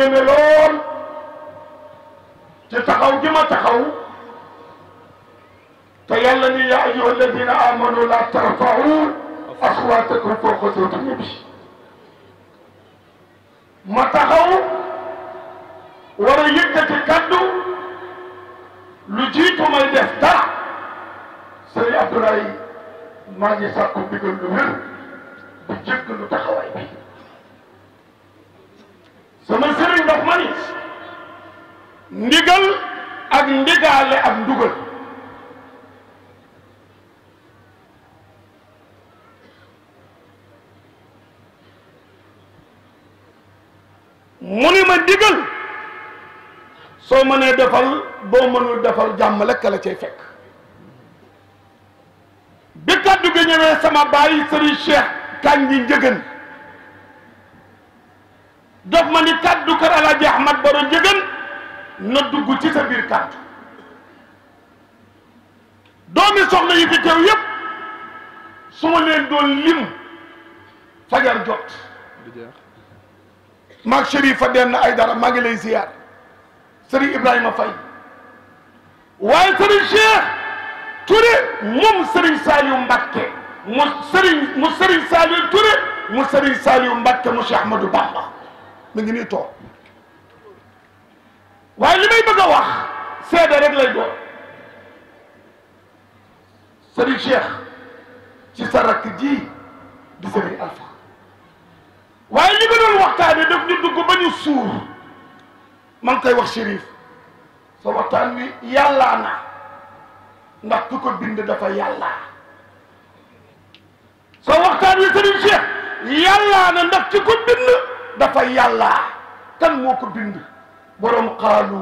yéeme lool ci taxaw gi ma taxaw te yàlla ni yaa ayyuha alladina amanu la tarfau aswaatakum fawqa sawti nabi ma taxaw war a yëkkati kaddu lu jiitu may def dara sëriñ Abdoulaye maa ngi sàkku ndigal lu wér bu lu taxawaay bi ndigal ak ndigaale ak ndugal mu ni ma ndigal soo mënee defal boo mënul defal jàmm lekk la cay fekk bi kaddu gi ñëwee sama bàyyi sëriñ Cheikh Kandji Ndiéguène daf ma ni kaddu kër Alaaji Ahmad Baro Ndiéguène na dugg ci sa biir kàddu doomi soxna yi fi teew yépp su ma leen doon lim fajar jot maag Chérifa denn ay dara maa ngi lay ziyaar Serigne Ibrahima Faye waaye Serigne Cheikh Touré moom Serigne Saliou Mbacké mu Serigne mu Serigne Saliou Touré mu Serigne Saliou Mbacké mu Cheikh Ahmadou Bamba mu ngi nii waaye li may bëgg wax seede rek lay doon sëriñ Cheikh ci sa rakk ji di sëriñ Alpha waaye li nga doon daf ñu dugg ba ñu suur ma ngi wax Chérif sa waxtaan wi yàllaa na ndax ku ko bind dafa yàllaa sa waxtaan wi sëriñ Cheikh yàllaa ndax ku ko bind dafa yàllaa kan moo ko bind borom qaalu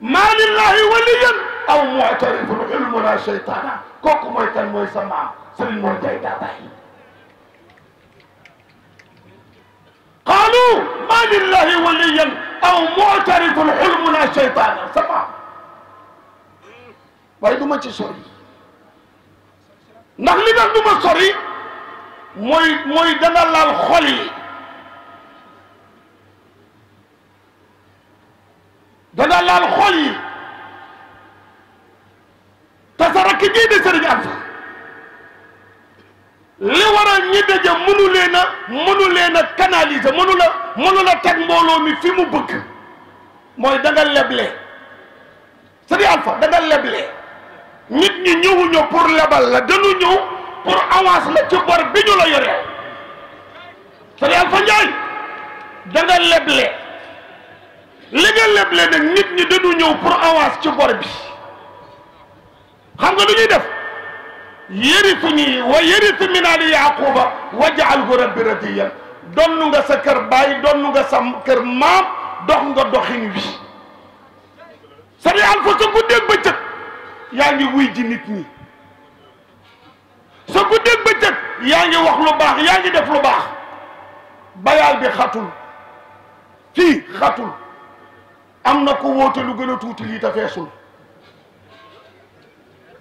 maa lillahi waliyan aw mu'tarifun ilmuna shaytaana kooku mooy tan mooy sa maam Sëriñ Mor Njaay Daabay qaalu maa lillahi waliyan aw mu'tarifun ilmuna shaytaana sa maam waaye du ma ci sori ndax li tax du ma sori mooy mooy dana laal xol yi dana laal xol yi te sa rakk jii di sëriñ am li waral ñi daje mënu leen a mënu leen a la mënu la teg mbooloo mi fi mu bëgg mooy da leble sëriñ Alpha da leble nit ñi ñëwuñu pour lebal la dañu ñëw pour avance la ci bor bi ñu la yore sëriñ Alpha Ndiaye da leble li nga leble nag nit ñi dañu ñëw pour avance ci bor bi xam nga lu ñuy def yëritu nii wa yëritu min ali yaquba wa jaalhu rabbi radiyan donnu nga sa kër baay donnu nga sa kër maam dox nga doxin wi bi alfa sa guddeeg bëccëg yaa ngi wuy ji nit ñi sa guddeeg bëccëg yaa ngi wax lu baax yaa ngi def lu baax bayaal bi xatul fii xatul am na ko woote lu gën a tuuti lii te feesul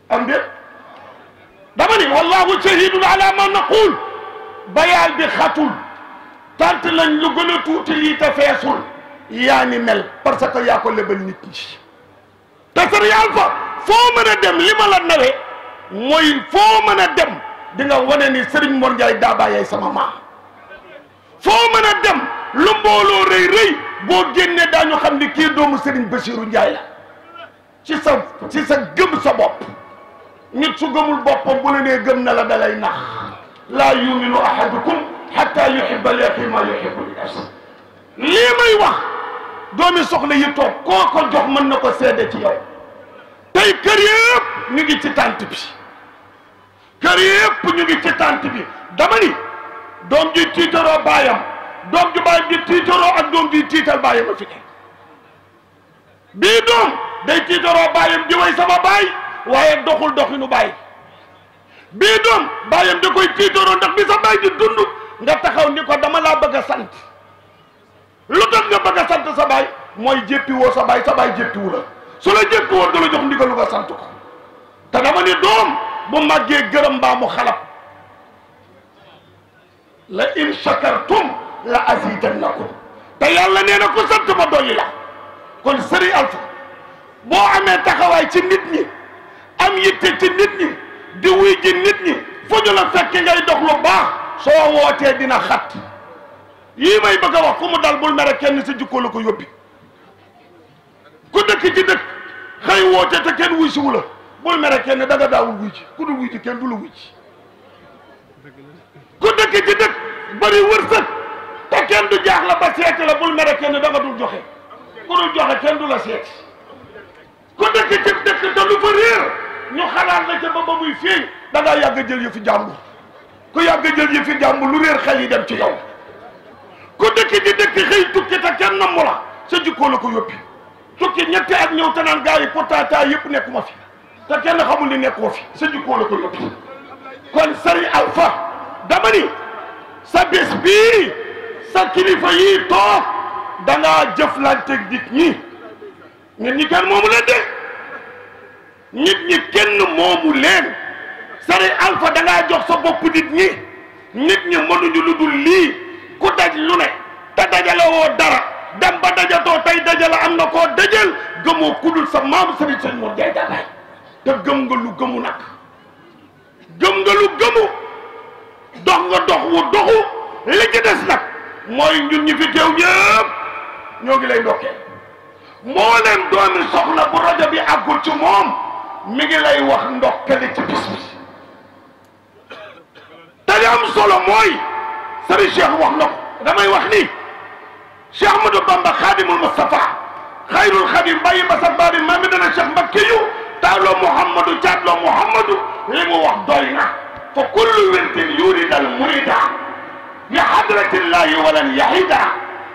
am déet dama ni wallahu shahidun ala ma bayaal bi xatul tant lañ lu gën a tuuti lii te feesul yaa ni mel parce yaa ko lebal nit ñi te sër yàlla foo mën a dem li ma la nawe mooy foo mën a dem di nga wane ni Serigne Mor Ndiaye daa sama maam foo mën a dem lu mbooloo rëy rëy boo génnee daañu xam ne kii doomu Serigne Bassirou Ndiaye la ci sa ci sa gëm sa bopp nit su gëmul boppam bu la nee gëm na la dalay nax laa yuminu ahadukum hatta yuhibba li akhihi ma yuhibbu li nafsihi lii may wax doomi soxla yi koo ko jox mën na ko seede ci yow tey kër yëpp ñu ngi ci tànt bi kër yëpp ñu ngi ci tànt bi dama ni doom ji tiitaroo baayam doom ju bàyyam di tiitaroo ak doom di tiital bàyyam a fi ne bii doom day tiitaroo bàyyam di way sama baay waaye doxul doxinu baay bii doom bàyyam da koy tiitaroo ndax bi sa baay di dund nga taxaw ni ko dama laa bëgg a sant lu tax nga bëgg a sant sa baay mooy jéppi sa baay sa baay jéppiwu la su la jéppi woo la jox ndigal nga sant ko te dama ne doom bu màggee gërëm mbaa xalab la in shakartum la azidannakum te yàlla nee na ko sant ma dolli la kon sëriñ Alpha boo amee taxawaay ci nit ñi am yitte ci nit ñi di wuy ji nit ñi fu ñu la fekk ngay dox lu baax soo wootee dina xat yii may bëgg a wax ku mu dal bul mere kenn si jikko la ko yóbbi ku dëkk ci dëkk xëy woote te kenn wuy siwu la bul mere kenn da nga daawul wuy ji ku dul wuy ji kenn du la wuy ji ku dëkk ci dëkk bari wërsëg kenn du jaax la ba seeti la bul mere kenn da nga dul joxe ku dul joxe kenn du la seeti ku dëkk ci dëkk te lu fa réer ñu xalaat la ca ba ba muy feeñ da ngaa yàgg yi yëfi jàmbur ku yàgg jël yëfi jàmbur lu réer xel yi dem ci yow ku dëkk ci dëkk xëy tukki te kenn nammu la sa jikkoo la ko yóbbi tukki ñetti ak ñëw te naan gars yi pourtant taa nekkuma fi te kenn xamul ni nekkoo fi sa jikkoo la ko yóbbi kon sëriñ Alpha dama ni sa bis bii sa kilifa yii toog da ngaa jëflanteeg nit ñi nit ñi kenn moomu leen de nit ñi kenn moomu leen sari alpha da ngaa jox sa bopp nit ñi nit ñi mënuñu lu dul lii ku daj lu ne te dajale dara dem ba dajatoo tey dajale am na koo dajal gëmoo kudul sa maam sëriñ sëñ moom day dagaay te gëm nga lu gëmu nag gëm nga lu gëmu dox nga dox wu doxu li des nag mooy ñun ñi fi teew ñëpp ñoo ngi lay ndokkee moo leen doomi soxna bu rajo bi àggul ci moom mi ngi lay wax ndokkale ci bis bi am solo mooy sëriñ Cheikh wax na ko damay wax ni Cheikh Ahmadou Bamba xaadimul Mustafa xayrul xadim bàyyi basa baabi maa mi dana Cheikh Mbakke taaloo Muhammadu jaatloo Muhammadu li mu wax doy na fa kullu wértin yuridal murida بحضرة الله ولن يحيدا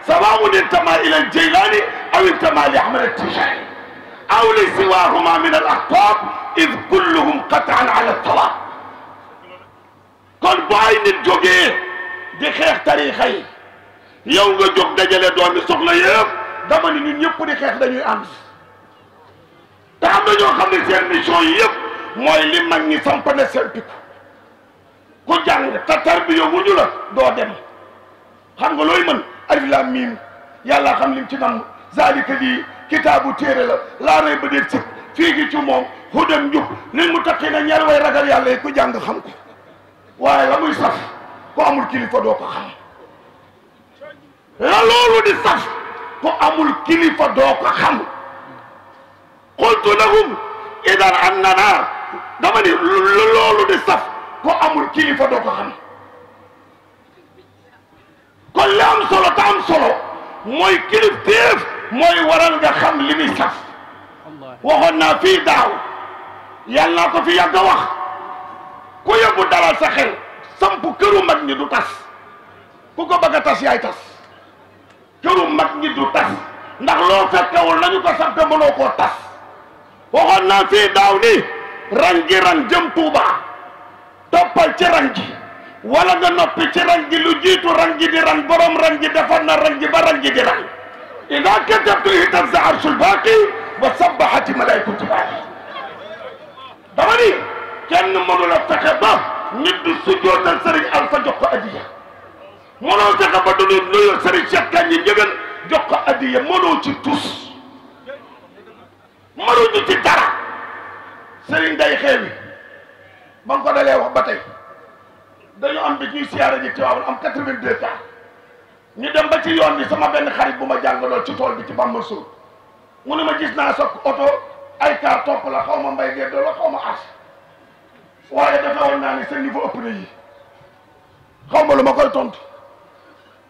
سواء انتمى إلى الجيلاني أو انتمى a التجاني أو لسواهما من الأخطاب إذ كلهم قطعا على الصلاة kon bu ay nit jógee di xeex tariixa yi yow nga jóg dajale doomi soxla yëpp dama ni ñun ñëpp di xeex dañuy ànd te am na ñoo xam ne seen mission yi yëpp mooy li mag ñi samp na seen pikku ku jàng te tarbiya wuñu la doo dem xam nga looy mën alif laam miim yàlla xam lim ci nam zalika lii kitaabu téere la laa rey ba dee sëg fii gi ci moom hudam li mu takki na way ragal yàlla yi ku jàng xam ko waaye la muy saf ku amul kilifa doo ko xam la loolu di saf ku amul kilifa doo ko xam qultu lahum idan annana dama ni loolu di saf ko amul kilifa doo ko xam kon la am solo te am solo mooy kilif téef mooy waral nga xam li muy saf waxoon naa fii daaw yàlla naa ko fi yàgg a wax ku yóbbu dalal sa xel samp këru mag ñi du tas ku ko bëgg a tas këru mag ñi du tas ndax loo fekkewul nañu ko sampe mënoo koo tas waxoon naa fii daaw ni ran gi ran jëm Tuuba noppal ci rang gi wala nga noppi ci rang gi lu jiitu rang gi di rang borom rang gi defar gi ba rang gi di rang ida katabtu itam sa arsul baaqi wa sabbahati malaykatu baaqi dama ni kenn la fexe ba nit du sujjootal sëriñ Alfa jox ko ci tus mënoo ñu ci dara sëriñ day xeewi ba ko dalee wax ba tey dañu am bi ñuy siyaare ji Tiwaawan am quatre-vingt-deux cas ñu dem ba ci yoon bi sama benn xarit bu ma jàngaloo ci tool bi ci Bamba Suur mu ne ma gis naa sa oto ay car topp la xaw ma mbay gerte la xaw ma as waaye dafa woon naa ne seen niveau ëpp na yi xaw lu ma koy tontu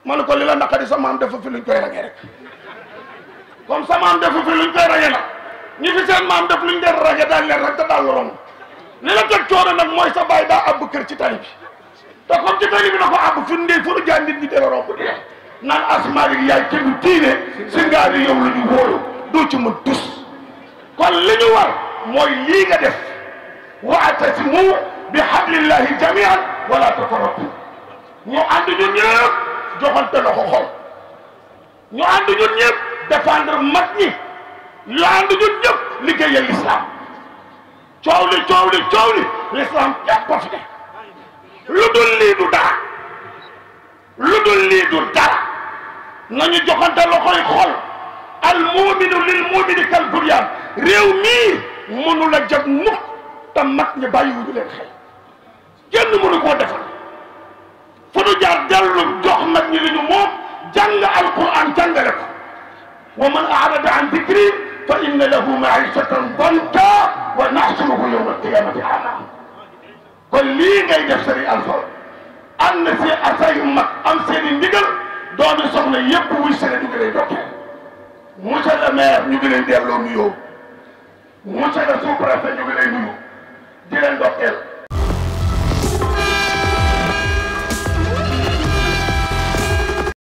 ma ne ko li la naqari sa maam dafa fi luñ koy rangee rek comme sa maam dafa fi luñ koy rangee nag ñu fi seen maam def luñ leen rangee daal leen rek te daal la li la teg coono nag mooy sa baay daa àbb kër ci tali bi te comme ci tali bi na ko àbb fu ndey fu nu jaay nit ñi dara romb di yàq diine si ngaa yow la ñu wóolu doo ci mën tus kon li ñu war mooy lii nga def wa'tasimu bi hablillahi jami'an wala tafarraqu ñu ànd ñun ñëpp joxante loxo xol ñu ànd ñun ñëpp défendre mag ñi ñu ànd ñun ñëpp liggéeyal coow li coow li coow li l'islam képp fi ne lu dul lii du dara lu dul lii du dara nañu joxante loxoy xol al lil muumini kal réew mii mënu la jag mukk te mag ñi bàyyiwuñu leen xel kenn mënu koo defal fu nu jaar dellu jox mag ñi li ñu moom jàng alquran jàngale ko wa man aarada an dikri fa inna lahu maishatan danka wa naxsuruhu yowma alqiyamati ama kon lii ngay def sëriñ Alpha am na see asay mag am seen i ndigal doomi soxna yépp wuy sene ñu ngi lay dokkee monsieur le maire ñu ngi leen delloo nuyoo monsieur le sous-préfet ñu ngi lay nuyu di leen dokkeel